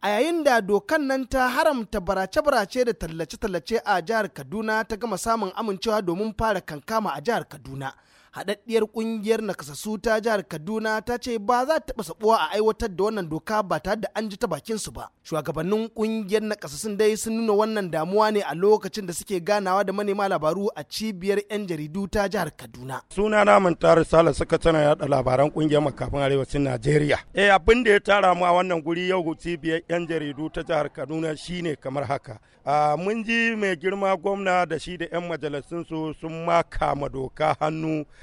a yayin da dokan nan ta haramta barace-barace da tallace-tallace a jihar kaduna ta gama samun amincewa domin fara kankama a jihar kaduna haɗaɗɗiyar ƙungiyar nakasassu ta jihar kaduna ta ce ba za ta taɓa sabuwa a aiwatar da wannan doka ba tare da an ji ta bakin su ba shugabannin ƙungiyar nakasassun dai sun nuna wannan damuwa ne a lokacin da suke ganawa da manema labaru a cibiyar 'yan jaridu ta jihar kaduna suna na tara sala sakataren yaɗa labaran ƙungiyar makafin arewacin najeriya eh abin da ya tara mu a wannan guri yau cibiyar 'yan jaridu ta jihar kaduna shine kamar haka ah, mun ji mai girma gwamna da shi da 'yan majalisunsu sun ma doka hannu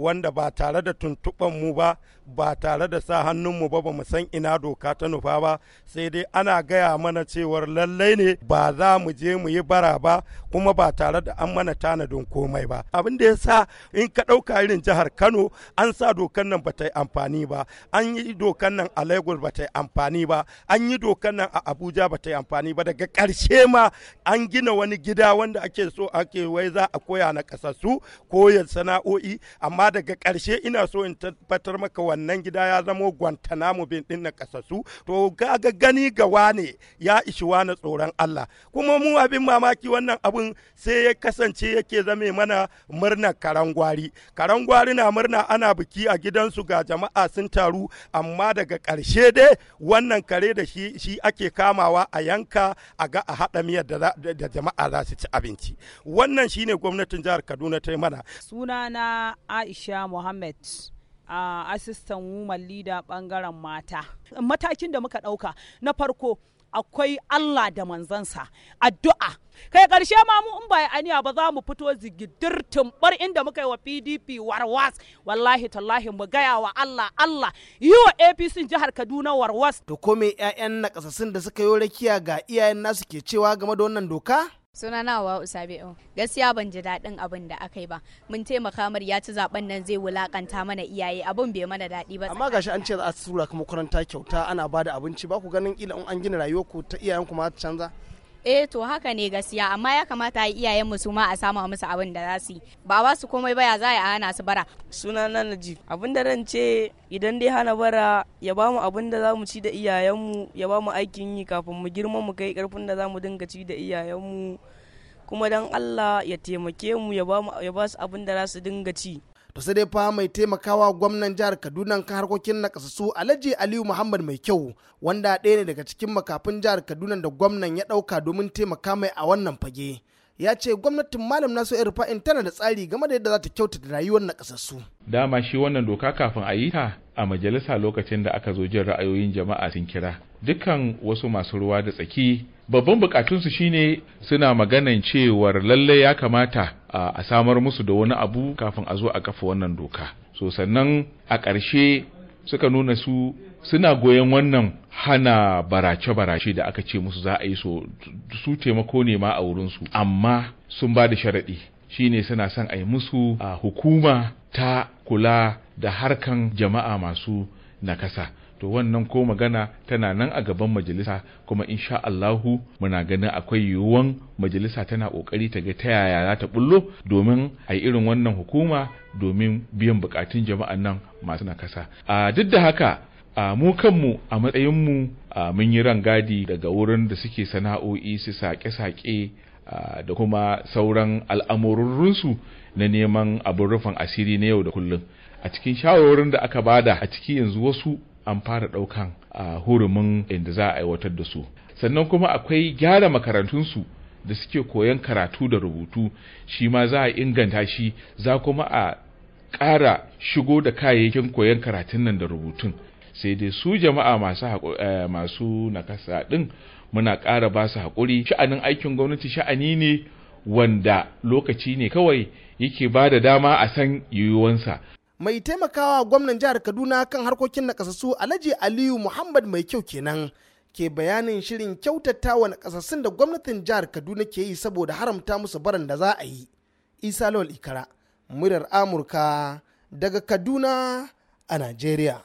wanda ba tare da tuntuɓan mu ba ba tare da sa hannun mu ba ba mu san ina doka ta nufa ba sai dai ana gaya mana cewar lallai ne ba za mu je mu yi bara ba kuma ba tare da an mana tanadin komai ba abin da ya sa in ka ɗauka irin jihar kano an sa dokan nan ba ta yi amfani ba an yi dokan nan a lagos ba ta yi amfani ba an yi dokan nan a abuja ba ta yi amfani ba daga ƙarshe ma an gina wani gida wanda ake so ake wai za a koya na kasassu ko sana'o'i amma daga karshe ina so in tabbatar maka wannan gida ya zamo guantanamo bin din na kasasu to ga gani ga wane ya ishi wane tsoron Allah kuma mu abin mamaki wannan abun sai ya kasance yake zame mana murnar karangwari karangwari na murna ana biki a gidan su ga jama'a sun taru amma daga karshe dai wannan kare da shi shi ake kamawa a yanka a ga a haɗa miyar da jama'a za su ci abinci wannan shine gwamnatin jihar Kaduna ta yi mana Suna na Aisha aisha Mohammed a uh, asistan woman leader bangaren mata matakin da muka ɗauka na farko akwai Allah da manzansa addu'a kai ƙarshe ma mu in ba aniya ba za mu fito zigidir tumbar inda muka yi wa PDP warwas wallahi tallahi mu gaya wa Allah Allah yi wa APC jihar Kaduna warwas to ko 'ya'yan ƴaƴan nakasassun da suka yi rakiya ga iyayen nasu ke cewa game da wannan doka suna na wa usabi'u gaskiya ban ji daɗin abin da aka yi ba mun taimaka mar ya ci zaben nan zai wulakanta mana iyaye abin bai mana daɗi ba amma gashi an ce za a tura kuma makaranta kyauta ana bada abinci ba ku ganin ila an gina rayuwar ku ta iyayen ku ma ta canza eh to haka ne gaskiya amma ya kamata a iyayen mu su ma a sama musu abin da za su yi ba ba su komai ba ya za a hana su bara suna na najib abin da ran ce idan dai hana bara ya ba mu abin da za mu ci da iyayenmu ya ba mu aikin yi kafin mu girma mu kai karfin da za mu dinga ci da iyayenmu kuma dan Allah ya taimake mu ya ba su abin da za su dinga ci to sai dai fa mai taimakawa gwamnan jihar kaduna kan harkokin nakasassu alhaji aliyu muhammad mai kyau wanda ɗaya ne daga cikin makafin jihar kaduna da gwamnan ya ɗauka domin taimaka mai a wannan fage ya ce gwamnatin malam nasu irfa'in tana da tsari game da yadda za ta kyautata rayuwar nakasassu dama shi wannan doka kafin a yi ta a majalisa lokacin da aka zo jin ra'ayoyin jama'a sun kira dukkan wasu masu ruwa da tsaki babban bukatunsu shine suna maganan cewar lalle ya kamata a samar musu da wani abu kafin a zo a kafa wannan doka so sannan a ƙarshe suka nuna su suna goyon wannan hana barace-barace da aka ce musu za a yi so su taimako ne ma a wurinsu amma sun ba da sharaɗi shine suna son a yi musu a hukuma ta kula da harkan jama'a masu nakasa to wannan ko magana tana nan a gaban majalisa kuma insha Allahu muna ganin akwai yiwuwan majalisa tana kokari ta ga ta yaya za ta bullo domin a irin wannan hukuma domin biyan bukatun jama'an nan masu nakasa a duk da haka a mu kanmu a matsayinmu mun yi rangadi daga wurin da suke sana'o'i su sake-sake da kuma sauran al'amurorinsu na neman abin rufin asiri na yau da kullum a cikin shawarwarin da aka bada a ciki yanzu wasu an fara ɗaukan a hurumin inda za a aiwatar da su sannan kuma akwai gyara makarantunsu da suke koyan karatu da rubutu shi ma za a inganta shi za kuma a ƙara shigo da kayayyakin koyan karatun nan da rubutun sai dai su jama'a masu eh, masu nakasa ɗin muna ƙara ba su haƙuri sha'anin aikin gwamnati sha'ani ne wanda lokaci ne kawai yake ba da dama a san yiwuwansa mai taimakawa gwamnan jihar kaduna kan harkokin nakasassu alhaji aliyu muhammad mai kyau kenan ke bayanin shirin kyautata wa nakasassun da gwamnatin jihar kaduna ke yi saboda haramta musu barin da za a yi isa lawal ikara muryar amurka daga kaduna a nigeria.